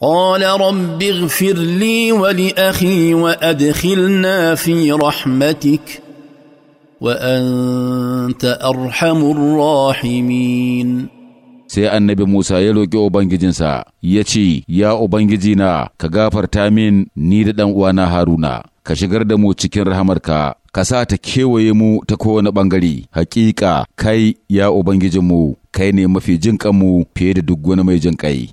قال رب اغفر لي ولاخي وادخلنا في رحمتك وانت ارحم الراحمين sai annabi Musa ya roƙi Ubangijinsa ya ce, Ya Ubangijina, ka gafarta min ni da ɗan uwana Haruna, ka shigar da mu cikin rahamarka, ka sa ta kewaye mu ta kowane ɓangare, hakika kai ya Ubangijinmu, kai ne mafi jin kanmu fiye da duk wani mai jin